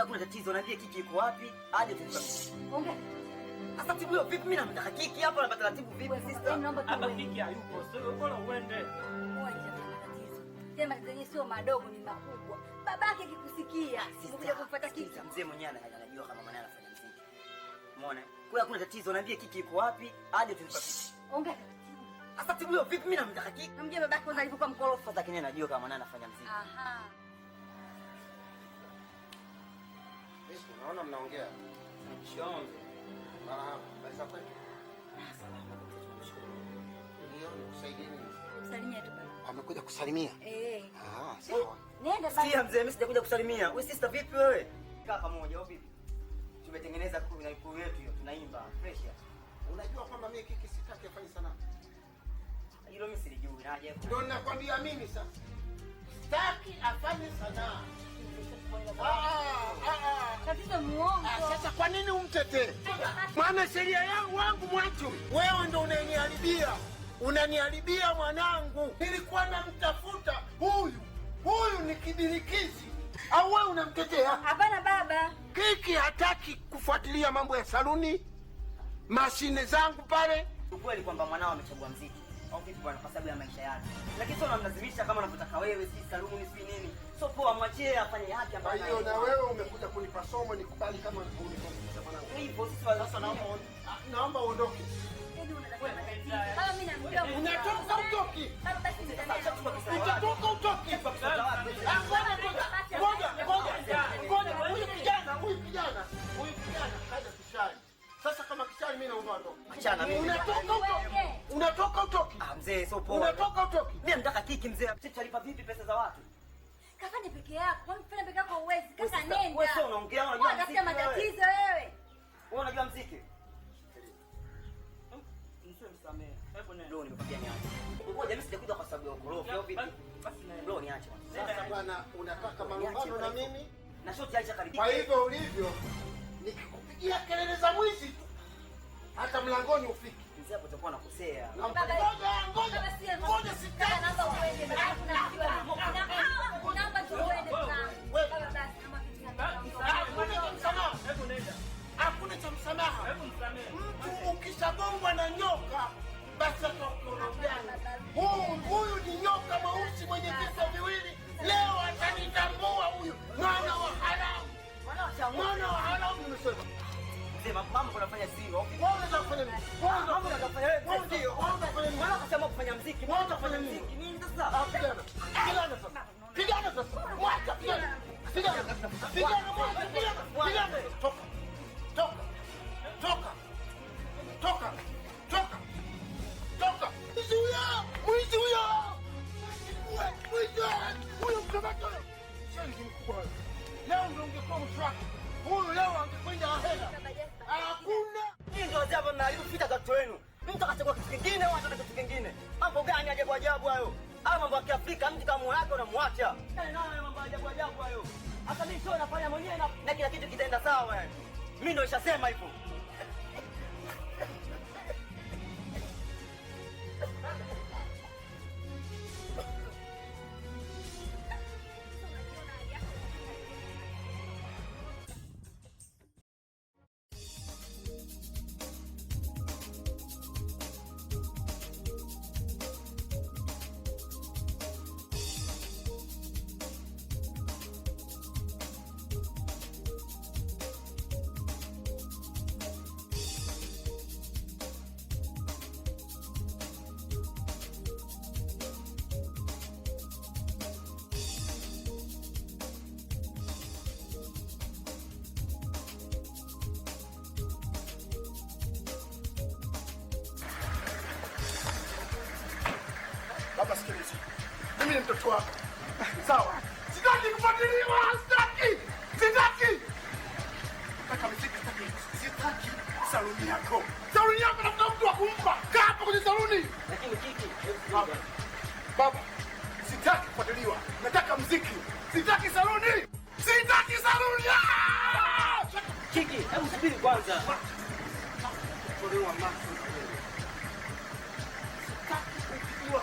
Wewe hakuna tatizo, naambia kiki iko wapi? Aje tu. tuongee. Sasa tibu hiyo vipi? Mimi namtaka kiki hapa, na taratibu vipi sister? Hapa kiki hayupo. Sio bora uende. Sema zenye sio madogo ni makubwa. Babake akikusikia, sikuja kumfuata kiki. Mzee mwenyewe anajua kama manaye anafanya mziki. Umeona? Wewe hakuna tatizo, naambia kiki iko wapi? Aje tu. tuongee. Sasa tibu hiyo vipi? Mimi namtaka kiki. Namjia babake kwanza alivyokuwa mkorofu, lakini anajua kama manaye anafanya mziki. Aha. Naona mnaongea ah, amekuja kusalimia. Eh. Ah, eh, Sikia mzee, mimi sijakuja kusalimia. Wewe sista vipi wewe? Kaa pamoja au vipi? Tumetengeneza crew na crew yetu hiyo tunaimba fresh. Unajua kwamba mimi kiki sitaki afanye sana. Hilo mimi silijui naje. Ndio nakwambia mimi sasa. Sitaki afanye sanaa. Ah, sasa kwa nini umtetee? mwana sheria yangu wangu mwetu wewe ndo unaniharibia, unaniharibia mwanangu. Nilikuwa namtafuta huyu huyu, ni kibirikizi au wewe unamtetea? Hapana baba, kiki hataki kufuatilia mambo ya saluni, mashine zangu pale. Ukweli kwamba mwanao amechagua mziki au vipi bwana, kwa sababu ya maisha yake, lakini sio namlazimisha kama anavyotaka wewe, si Salumu ni si nini, so poa, mwachie afanye haki ambayo. Hiyo na wewe umekuja kunipa somo, nikubali kama ulivyokuja mwanangu. Hivyo sisi sasa, naomba naomba uondoke. Yaani mimi naomba utoke. Achana mimi. Unatoka utoki. Unatoka utoki. Ah, mzee sio poa. Unatoka utoki. Mimi nataka kiki mzee. Tutalipa vipi pesa za watu? Kafanye peke yako. Kwani fanya peke yako uwezi. Kaka nenda. Wewe sio unaongea unajua. Wewe unatafuta matatizo wewe. Wewe unajua mziki? Nisamee. Hebu nenda. Leo nimekwambia niache. Ngoja mimi sijakuja kwa sababu ya ukorofi au vipi? Basi nenda. Leo niache. Sasa bwana unataka malumbano na mimi? Na shoti acha karibu. Kwa hivyo ulivyo nikikupigia kelele za mwizi hata mlangoni ufiki. Hakuna cha msamaha. Mtu ukishabongwa na nyoka basi atakukorogana. Huyu ni nyoka mweusi mwenye visa viwili, leo atanitambua huyu mwana wa haramu, mwana wa haramu kufanya Leo ndio ungekuwa mtu huyu, leo angekwenda ahera ndio wazee ambao mnaharibu vita za watoto wenu. Mtu akachagua kitu kingine, watu na kitu kingine. Mambo gani ajabu ajabu hayo? Hayo mambo ya Kiafrika, mtu kama mwanako unamwacha. Yaani nayo mambo ajabu ajabu hayo. Hata mimi sio nafanya mwenyewe na kila kitu kitaenda sawa yani. Eh. Mimi ndio nishasema hivyo. Baba, sikiliza, mimi ni mtoto wako, sawa? Sitaki kufuatiliwa, sitaki, sitaki, nataka miziki, sitaki saluni yako, saluni yako, nafuta mtu wa kumpa. Kaa hapa kwenye saluni. Lakini kiki, baba, baba, sitaki kufuatiliwa, nataka mziki, sitaki saluni, sitaki saluni. Ah! Kiki, hebu subiri kwanza.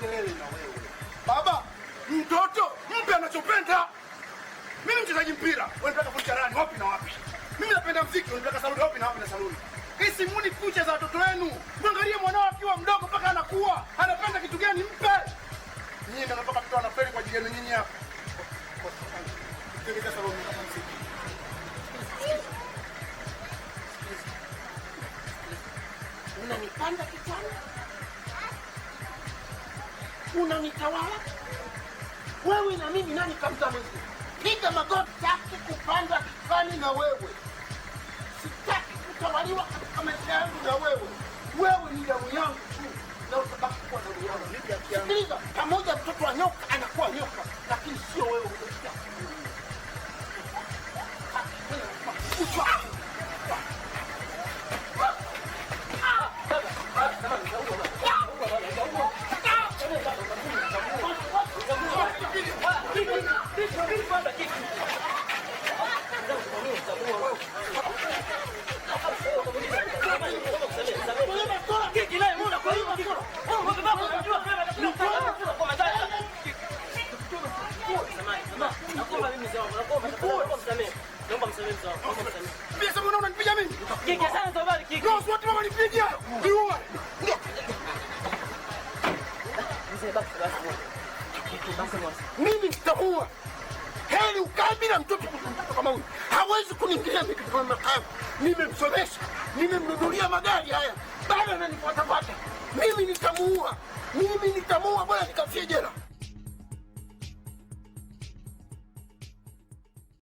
kelele na wewe baba. Mtoto mpe anachopenda. Mimi mchezaji mpira, wewe unataka kucharani wapi na wapi? Mimi napenda mziki, unataka saluni wapi na wapi na saluni? Hii simuni kucha za watoto wenu, mwangalie mwanao akiwa mdogo mpaka anakuwa anapenda kitu gani, mpe nyinyi. Ndio mpaka mtoto anapenda kwa ajili yenu nyinyi hapa. Tuelekea saluni na mziki. Unanipanda kichana unanitawala wewe na mimi, nani kamta mwezi? Piga magoti, taki kupanda kifani na wewe, sitaki kutawaliwa katika maisha yangu na wewe. Wewe ni damu yangu tu na utabaki kuwa damu yangu. Sikiliza, pamoja mtoto wa nyoka anakuwa nyoka Kike sana bali kike. Ndio watu kama nipigia. Niue. Mzee basi basi. Mimi nitakuwa heri ukabi na mtoto kama huyu. Hawezi kuniingilia mimi katika makao. Nimemsomesha, nimemnunulia magari haya. Bado ananifuata fuata. Mimi nitamuua. Mimi nitamuua bora nikafie jela.